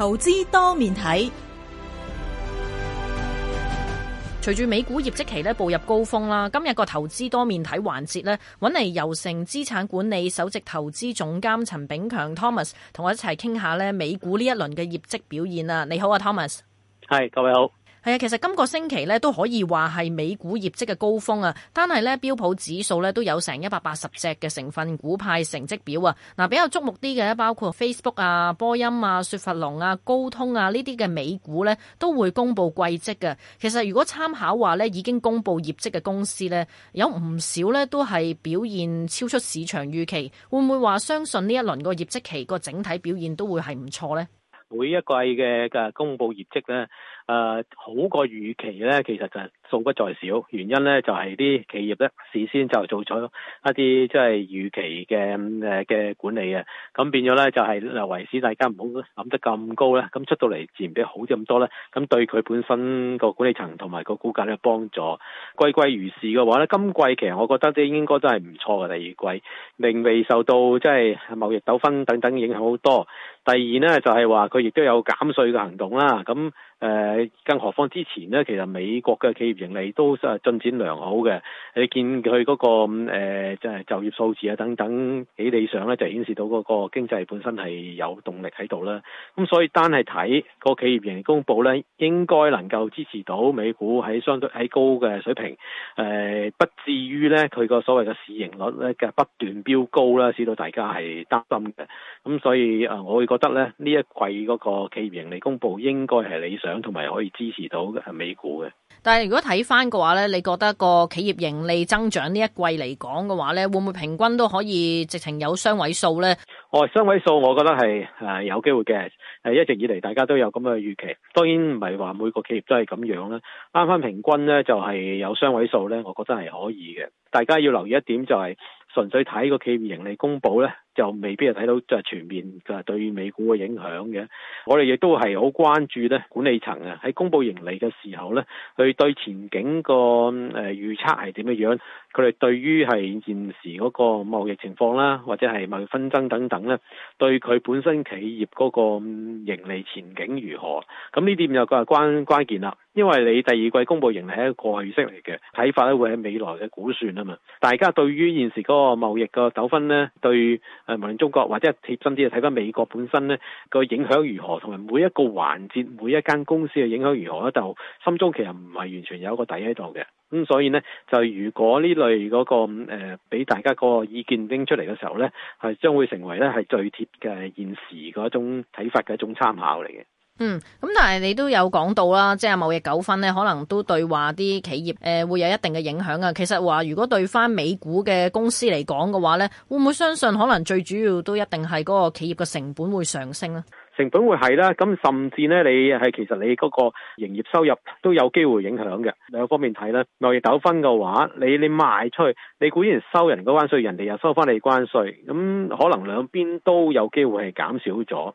投資多面睇，隨住美股業績期咧步入高峰啦。今日個投資多面睇環節咧，揾嚟悠誠資產管理首席投資總監陳炳強 Thomas 同我一齊傾下咧美股呢一輪嘅業績表現啊。你好啊，Thomas。係各位好。係啊，其實今個星期咧都可以話係美股業績嘅高峰啊，單係咧標普指數咧都有成一百八十隻嘅成分股派成績表啊。嗱，比較矚目啲嘅包括 Facebook 啊、波音啊、雪佛龍啊、高通啊呢啲嘅美股咧都會公布季績嘅。其實如果參考話咧已經公布業績嘅公司咧有唔少咧都係表現超出市場預期，會唔會話相信呢一輪個業績期個整體表現都會係唔錯呢？每一季嘅嘅公布業績咧。誒、呃、好過預期咧，其實就數不在少。原因咧就係、是、啲企業咧事先就做咗一啲即係預期嘅嘅、呃、管理啊，咁變咗咧就係、是、為使大家唔好諗得咁高呢。咁出到嚟自然比好啲咁多咧。咁對佢本身個管理層同埋個股價咧有幫助。季季如是嘅話咧，今季其實我覺得咧應該都係唔錯嘅第二季，並未受到即係貿易糾紛等等影響好多。第二呢，就係話佢亦都有減稅嘅行動啦，咁。誒、呃，更何況之前呢？其實美國嘅企業盈利都進進展良好嘅。你見佢嗰、那個就係、呃、就業數字啊等等幾理想咧，就顯示到嗰個經濟本身係有動力喺度啦。咁所以單係睇、那個企業盈利公布咧，應該能夠支持到美股喺相對喺高嘅水平，誒、呃，不至於咧佢個所謂嘅市盈率咧嘅不斷飆高啦，使到大家係擔心嘅。咁所以啊，我會覺得咧，呢一季嗰個企業盈利公布應該係理想。同埋可以支持到嘅係美股嘅。但係如果睇翻嘅話咧，你覺得個企業盈利增長呢一季嚟講嘅話咧，會唔會平均都可以直情有雙位數咧？哦，雙位數，我覺得係誒有機會嘅，係一直以嚟大家都有咁嘅預期，當然唔係話每個企業都係咁樣啦，啱翻平均咧就係有雙位數咧，我覺得係可以嘅。大家要留意一點就係純粹睇個企業盈利公佈咧。就未必係睇到就係全面嘅對美股嘅影響嘅。我哋亦都係好關注咧，管理層啊喺公佈盈利嘅時候咧，佢對前景個誒預測係點樣？佢哋對於係現時嗰個貿易情況啦，或者係貿易紛爭等等咧，對佢本身企業嗰個盈利前景如何？咁呢啲又佢係關關鍵啦。因為你第二季公佈盈利係一個過去式嚟嘅睇法咧，會喺未來嘅估算啊嘛。大家對於現時嗰個貿易個糾紛咧，對。誒，無論中國或者貼身啲睇翻美國本身咧，個影響如何，同埋每一個環節、每一間公司嘅影響如何咧，就心中其實唔係完全有一個底喺度嘅。咁、嗯、所以呢，就如果呢類嗰、那個誒俾、呃、大家個意見拎出嚟嘅時候呢，係將會成為咧係最貼嘅現時嗰種睇法嘅一種參考嚟嘅。嗯，咁但係你都有講到啦，即係貿易糾紛咧，可能都對話啲企業誒、呃、會有一定嘅影響啊。其實話如果對翻美股嘅公司嚟講嘅話咧，會唔會相信可能最主要都一定係嗰個企業嘅成本會上升咧？成本會係啦，咁甚至咧，你係其實你嗰個營業收入都有機會影響嘅。兩方面睇啦，貿易糾紛嘅話，你你賣出去，你固然收人嗰關稅，人哋又收翻你關稅，咁可能兩邊都有機會係減少咗。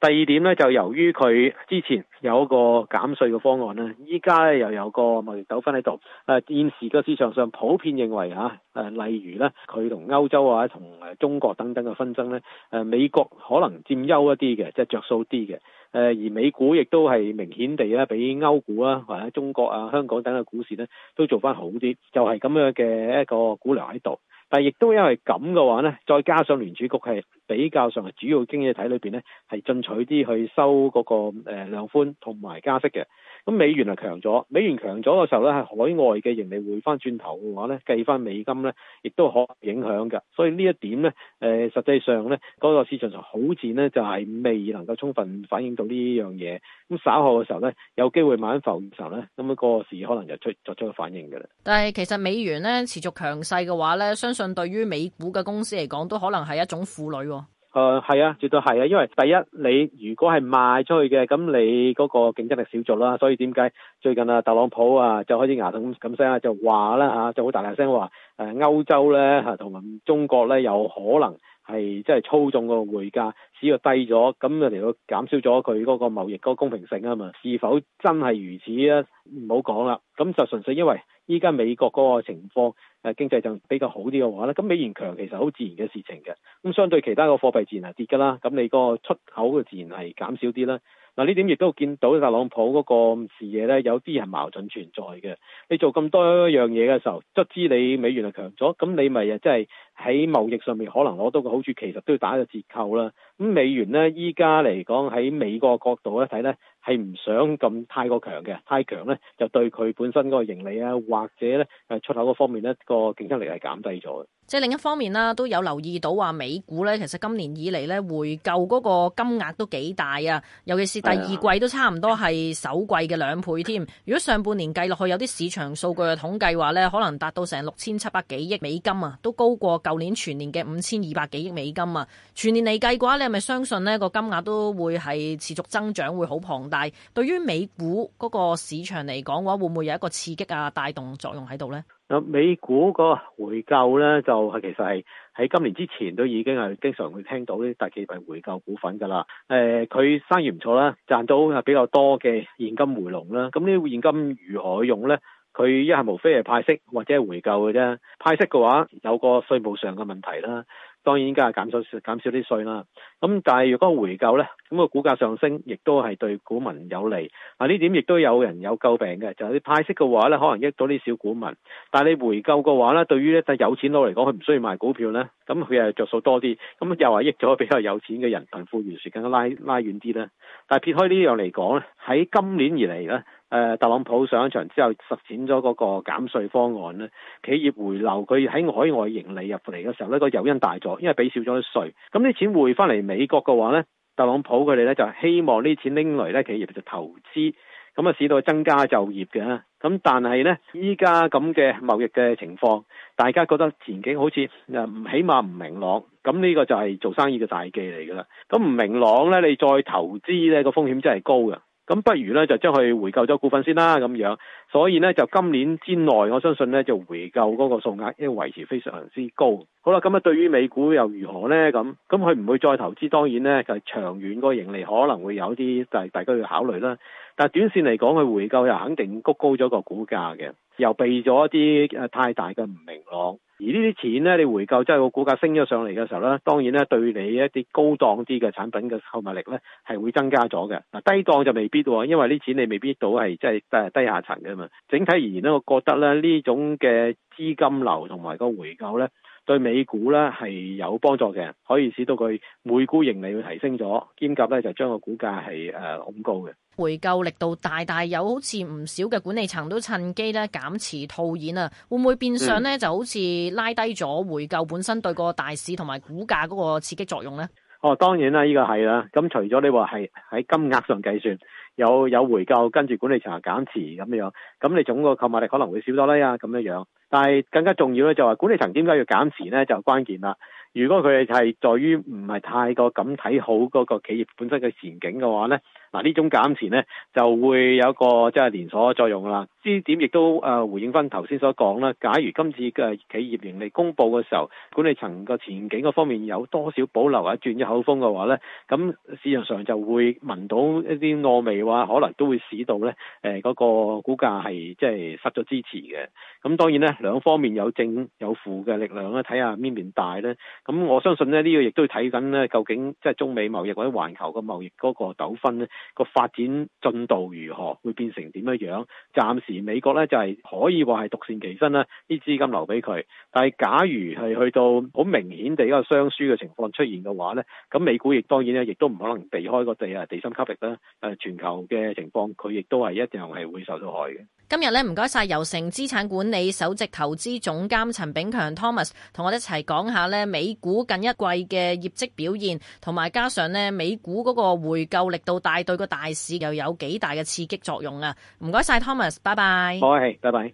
第二點咧，就由於佢之前有一個減稅嘅方案咧，依家咧又有個貿易糾紛喺度。誒現時個市場上普遍認為啊，例如咧佢同歐洲啊、同誒中國等等嘅紛爭咧，誒美國可能佔優一啲嘅，即係着數啲嘅。誒而美股亦都係明顯地咧，比歐股啊或者中國啊香港等嘅股市咧，都做翻好啲，就係、是、咁樣嘅一個估量喺度。但亦都因為咁嘅話咧，再加上聯儲局係比較上係主要經濟體裏邊咧係進取啲去收嗰、那個、呃、量寬同埋加息嘅，咁美元係強咗，美元強咗嘅時候咧係海外嘅盈利回翻轉頭嘅話咧，計翻美金咧亦都好影響㗎，所以呢一點咧誒、呃、實際上咧嗰、那個市場上好似咧就係未能夠充分反映到呢樣嘢，咁稍後嘅時候咧有機會買浮嘅時候咧，咁、那、樣個市可能就出作出個反應㗎啦。但係其實美元咧持續強勢嘅話咧，相。對於美股嘅公司嚟講，都可能係一種負累誒、哦，係、呃、啊，絕對係啊。因為第一，你如果係賣出去嘅，咁你嗰個競爭力少咗啦。所以點解最近啊，特朗普啊就開始牙痛咁聲，就話啦吓，就好大大聲話，誒、啊，歐洲咧吓同埋中國咧，有可能係即係操縱個匯價，使到低咗，咁就嚟到減少咗佢嗰個貿易嗰個公平性啊嘛。是否真係如此咧？唔好講啦，咁就純粹因為。依家美國嗰個情況，誒經濟就比較好啲嘅話咧，咁美元強其實好自然嘅事情嘅。咁相對其他個貨幣自然係跌㗎啦，咁你個出口嘅自然係減少啲啦。嗱呢點亦都見到特朗普嗰個視野咧，有啲係矛盾存在嘅。你做咁多樣嘢嘅時候，卒之你美元係強咗，咁你咪誒即係喺貿易上面可能攞到個好處，其實都要打個折扣啦。咁美元咧，依家嚟講喺美國角度咧睇咧。係唔想咁太過強嘅，太強咧就對佢本身個個盈利啊，或者咧誒出口嗰方面咧，這個競爭力係減低咗。即係另一方面啦，都有留意到話美股呢，其實今年以嚟呢，回購嗰個金額都幾大啊，尤其是第二季都差唔多係首季嘅兩倍添。如果上半年計落去，有啲市場數據嘅統計話呢，可能達到成六千七百幾億美金啊，都高過舊年全年嘅五千二百幾億美金啊。全年嚟計嘅話，你係咪相信呢個金額都會係持續增長，會好龐大？對於美股嗰個市場嚟講嘅話，會唔會有一個刺激啊帶動作用喺度呢？有美股嗰個回購呢。就。其實係喺今年之前都已經係經常會聽到呢，大企業回購股份㗎啦。誒、呃，佢生意唔錯啦，賺到係比較多嘅現金回籠啦。咁呢，現金如何用呢？佢一係無非係派息或者係回購㗎啫。派息嘅話，有個稅務上嘅問題啦。當然依家係減少減少啲稅啦，咁但係如果回購呢，咁、個股價上升，亦都係對股民有利。啊，呢點亦都有人有詬病嘅，就係、係、你派息嘅話呢，可能益到啲小股民，但係你回購嘅話呢，對於呢有錢佬嚟講，佢唔需要賣股票呢。咁佢就着數多啲，咁又話益咗比較有錢嘅人，貧富懸殊更加拉拉遠啲啦。但係撇開呢樣嚟講呢，喺今年而嚟呢誒、呃，特朗普上一場之後實踐咗嗰個減稅方案咧，企業回流佢喺海外盈利入嚟嘅時候咧，個誘因大咗，因為俾少咗稅，咁啲錢匯翻嚟美國嘅話咧，特朗普佢哋咧就希望呢啲錢拎嚟咧，企業就投資，咁啊使到增加就業嘅，咁但係咧依家咁嘅貿易嘅情況，大家覺得前景好似啊唔，起碼唔明朗，咁呢個就係做生意嘅大忌嚟㗎啦，咁唔明朗咧，你再投資咧個風險真係高㗎。咁不如咧就將佢回購咗股份先啦，咁樣，所以咧就今年之內，我相信咧就回購嗰個數額，因為維持非常之高。好啦，咁啊對於美股又如何呢？咁，咁佢唔會再投資，當然咧就係長遠嗰個盈利可能會有啲，就係大家要考慮啦。但係短線嚟講，佢回購又肯定谷高咗個股價嘅，又避咗一啲太大嘅唔明朗。而呢啲錢咧，你回購即係個股價升咗上嚟嘅時候咧，當然咧對你一啲高檔啲嘅產品嘅購物力咧係會增加咗嘅。嗱，低檔就未必喎，因為呢錢你未必到係即係低低下層嘅嘛。整體而言咧，我覺得咧呢種嘅資金流同埋個回購咧。對美股咧係有幫助嘅，可以使到佢每股盈利會提升咗，兼夾咧就將個股價係誒拱高嘅。回購力度大大有，好似唔少嘅管理層都趁機咧減持套現啊！會唔會變相咧就好似拉低咗回購本身對個大市同埋股價嗰個刺激作用咧、嗯？哦，當然啦，呢、呢個係啦。咁除咗你話係喺金額上計算有有回購，跟住管理層減持咁樣，咁你總個購買力可能會少咗啦呀，咁樣樣。但係更加重要咧，就話管理層點解要減持咧，就關鍵啦。如果佢係在於唔係太過咁睇好嗰個企業本身嘅前景嘅話咧。嗱呢、啊、種減錢咧，就會有一個即係連鎖作用啦。呢點亦都誒回應返頭先所講啦。假如今次嘅企業盈利公布嘅時候，管理層個前景嗰方面有多少保留啊？轉一口風嘅話咧，咁市場上就會聞到一啲惡味，話可能都會使到咧誒嗰個股價係即係失咗支持嘅。咁當然咧，兩方面有正有負嘅力量咧，睇下邊邊大咧。咁我相信咧呢、這個亦都睇緊咧，究竟即係中美貿易或者環球嘅貿易嗰個糾紛咧。個發展進度如何，會變成點樣樣？暫時美國咧就係、是、可以話係獨善其身啦，啲資金留俾佢。但係假如係去到好明顯地一個雙輸嘅情況出現嘅話咧，咁美股亦當然咧，亦都唔可能避開個地啊地心吸力啦。誒，全球嘅情況佢亦都係一樣係會受到害嘅。今日咧唔該晒，悠誠資產管理首席投資總監陳炳強 Thomas 同我哋一齊講下咧美股近一季嘅業績表現，同埋加上咧美股嗰個回購力度大對個大市又有幾大嘅刺激作用啊。唔該晒，Thomas，拜拜。好，拜拜。